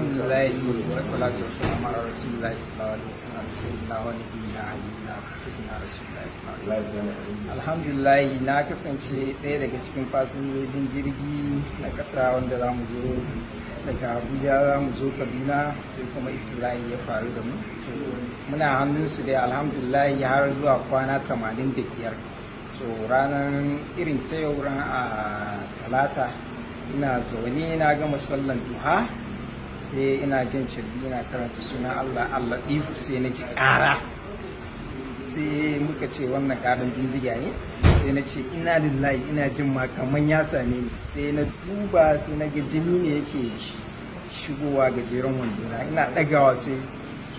Alhamdulillahi na kasance ɗaya daga cikin fasinjojin jirgi na ƙasa wanda za mu zo daga abuja za mu zo kaduna sai kuma itilayi ya faru da mu muna hannunsu dai alhamdulillah har zuwa kwana tamanin da biyar so ranar irin ta yau ran a ah, talata ina zaune na gama sallan duha sai ina jin shirbi ina karanta suna Allah Allah ɗifu sai na ci ƙara sai muka ce wannan ƙarin bindiga ne sai na ce ina lillahi ina jin ma kaman ya same ni sai na duba sai na ga jini ne yake shigowa gajeren na ina ɗagawa sai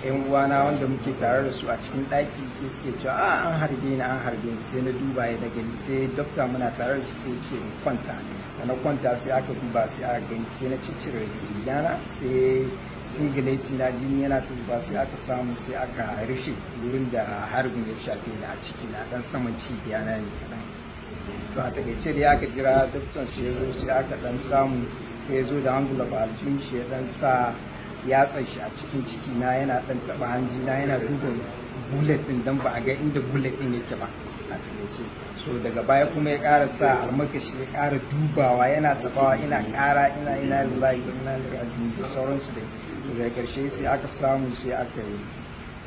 yan uwana wanda muke tare da su a cikin ɗaki sai suke cewa a ah, an harbe ni an harbe ni sai na duba ya daga ni sai dokta muna tare da shi sai ce kwanta da na kwanta sai aka duba sai aka gani sai na ciccire rigana sai singileti na jini yana ta zuba sai aka samu sai aka rufe wurin da harbin ya shafe ni a ciki na dan saman cibiya na ne kaɗan to a takaice da aka jira dokta shi ya zo sai aka dan samu sai ya zo da angula ba shi ya dan sa yatsan shi a cikin ciki na yana dan taba hanji na yana duba bullet din dan ba a ga inda bullet din yake ba a cikin so daga baya kuma ya ƙara sa almakashi ya ƙara dubawa yana tabawa ina ƙara ina ina lillahi ina lillahi da sauransu dai daga ƙarshe sai aka samu sai aka yi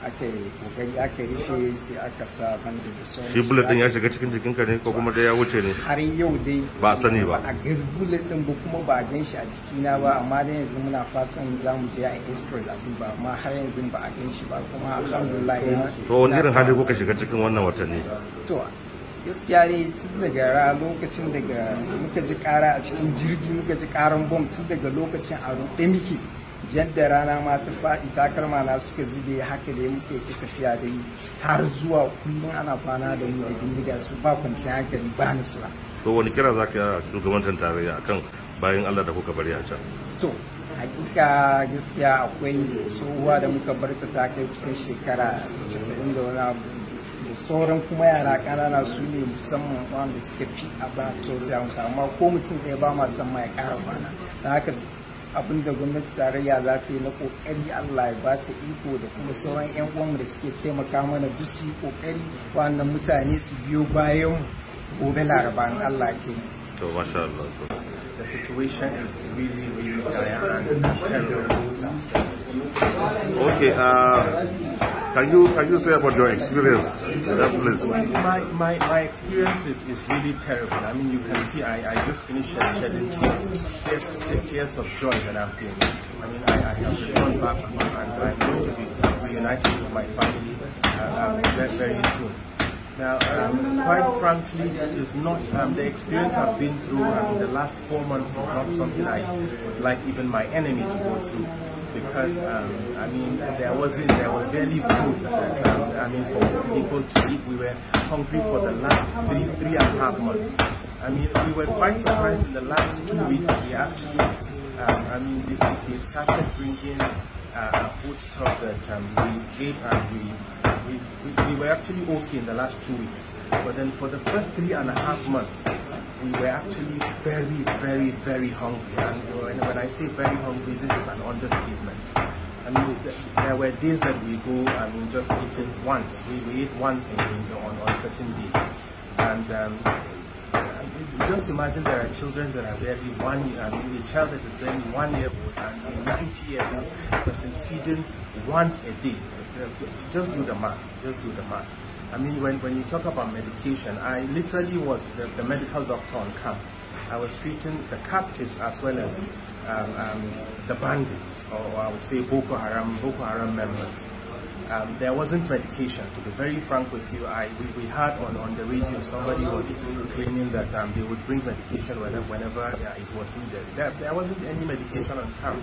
aka yi kokari aka rufe sai aka sa banda da sauran shi bullet din ya shiga cikin ka ne ko kuma dai ya wuce ne har yau dai ba sani ba a gar bullet din ba kuma ba a gan shi a na ba amma dai yanzu muna fatan za mu je a expert a ba amma har yanzu ba a gan shi ba kuma alhamdulillah ya to wani irin hali kuka shiga cikin wannan watanni to gaskiya ne tun daga ra lokacin daga muka ji kara a cikin jirgi muka ji karan bom tun daga lokacin a ruɗe muke da rana ma ta faɗi takalma na suka zube haka da muke ta tafiya da yi har zuwa kullum ana kwana da mu da bindiga su ba kwanciyar hankali ba nisira. to wani kira za ka shugabantar tarayya akan bayan allah da kuka bari a can. to hakika gaskiya akwai tsohuwa da muka bar ta kai kusan shekara casa'in da wani abu da sauran kuma yara ƙanana su ne musamman wanda suka fi a ba to sai amma ko mutum ɗaya ba ma san ma ya ƙara kwana abin da gwamnati tarayya za ta yi na kokari Allah ya ta iko da kuma sauran 'yan uwanmu da suke taimaka mana duk su yi kokari wannan mutane su biyo bayan gobe laraba in Allah ke to masha Allah the situation is really really dire and terrible okay uh Can you can you say about your experience in that place? My, my, my experience is, is really terrible. I mean, you can see I, I just finished shedding tears, tears, tears of joy that I've been. I mean, I, I have returned back and I'm going to be reunited with my family uh, um, very, very soon. Now, um, quite frankly, it's not um, the experience I've been through mean, um, the last four months is not something I would like even my enemy to go through because um, I mean there wasn't there was barely food. I mean for people to eat, we were hungry for the last three three and a half months. I mean we were quite surprised in the last two weeks. They actually, um, I mean they, started bringing uh, a food stuff that um, we gave and we we, we, we were actually okay in the last two weeks. But then for the first three and a half months, we were actually very, very, very hungry. And when I say very hungry, this is an understatement. I mean, there were days that we go, I mean, just eating once. We, we eat once in, in, on, on certain days. And um, uh, just imagine there are children that are barely one year, I mean, a child that is barely one year old and a 90 year old person feeding once a day just do the math. Just do the math. I mean, when, when you talk about medication, I literally was the, the medical doctor on camp. I was treating the captives as well as um, um, the bandits, or I would say Boko Haram, Boko Haram members. Um, there wasn't medication. To be very frank with you, I we, we had on, on the radio somebody was claiming that um, they would bring medication whenever, whenever yeah, it was needed. There, there wasn't any medication on camp.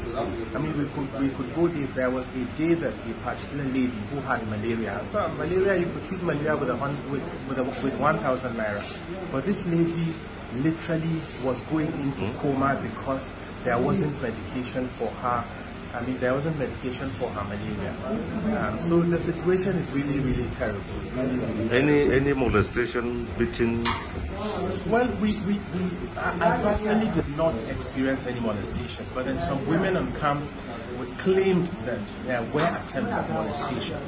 I mean, we could we could go days. There was a day that a particular lady who had malaria. So malaria, you could treat malaria with a with with, a, with one thousand naira, but this lady literally was going into hmm? coma because there wasn't medication for her I mean, there wasn't medication for her malaria. Um, so the situation is really, really terrible. Really, really any terrible. any molestation, between? Well, we, we, we I, I personally did not experience any molestation, but then some women on camp claimed that there were attempts at molestation.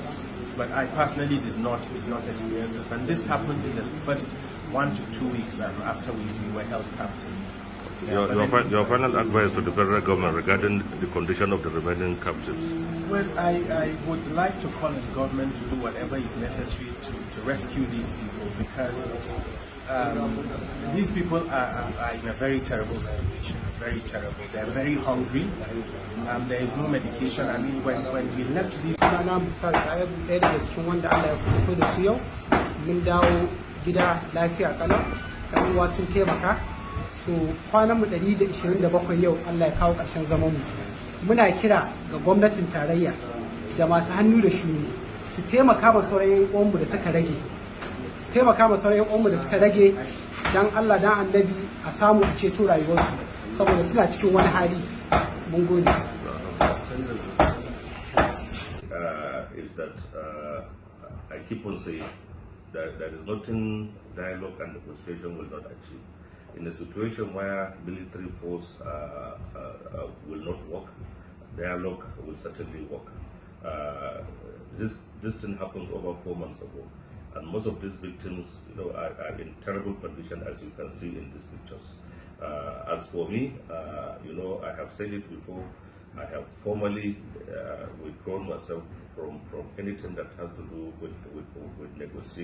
But I personally did not did not experience this, and this happened in the first one to two weeks um, after we, we were held captive. Your, your, your, final advice to the federal government regarding the condition of the remaining captives? Well, I, I would like to call on the government to do whatever is necessary to, to rescue these people because um, these people are, are, in a very terrible situation, very terrible. They're very hungry, um, there is no medication. I mean, when, when we left these... mun dawo gida lafiya kalau ɗan uwa sun taimaka to kwanan mu 127 yau Allah ya kawo ƙarshen zaman mu muna kira ga gwamnatin tarayya da masu hannu da shuni su taimaka ma sauran yan mu da suka rage su taimaka ma sauran yan mu da suka rage dan Allah dan annabi a samu a ceto rayuwarsu saboda suna cikin wani hali mun gode uh, is that uh, I keep on saying that there is nothing dialogue and negotiation will not achieve. in a situation where military force uh, uh, uh, will not work, dialogue will certainly work. Uh, this this thing happens over four months ago, and most of these victims, you know, are, are in terrible condition, as you can see in these pictures. Uh, as for me, you know, I have said it before. I have formally withdrawn myself from, from anything that has to do with, with, with negotiation.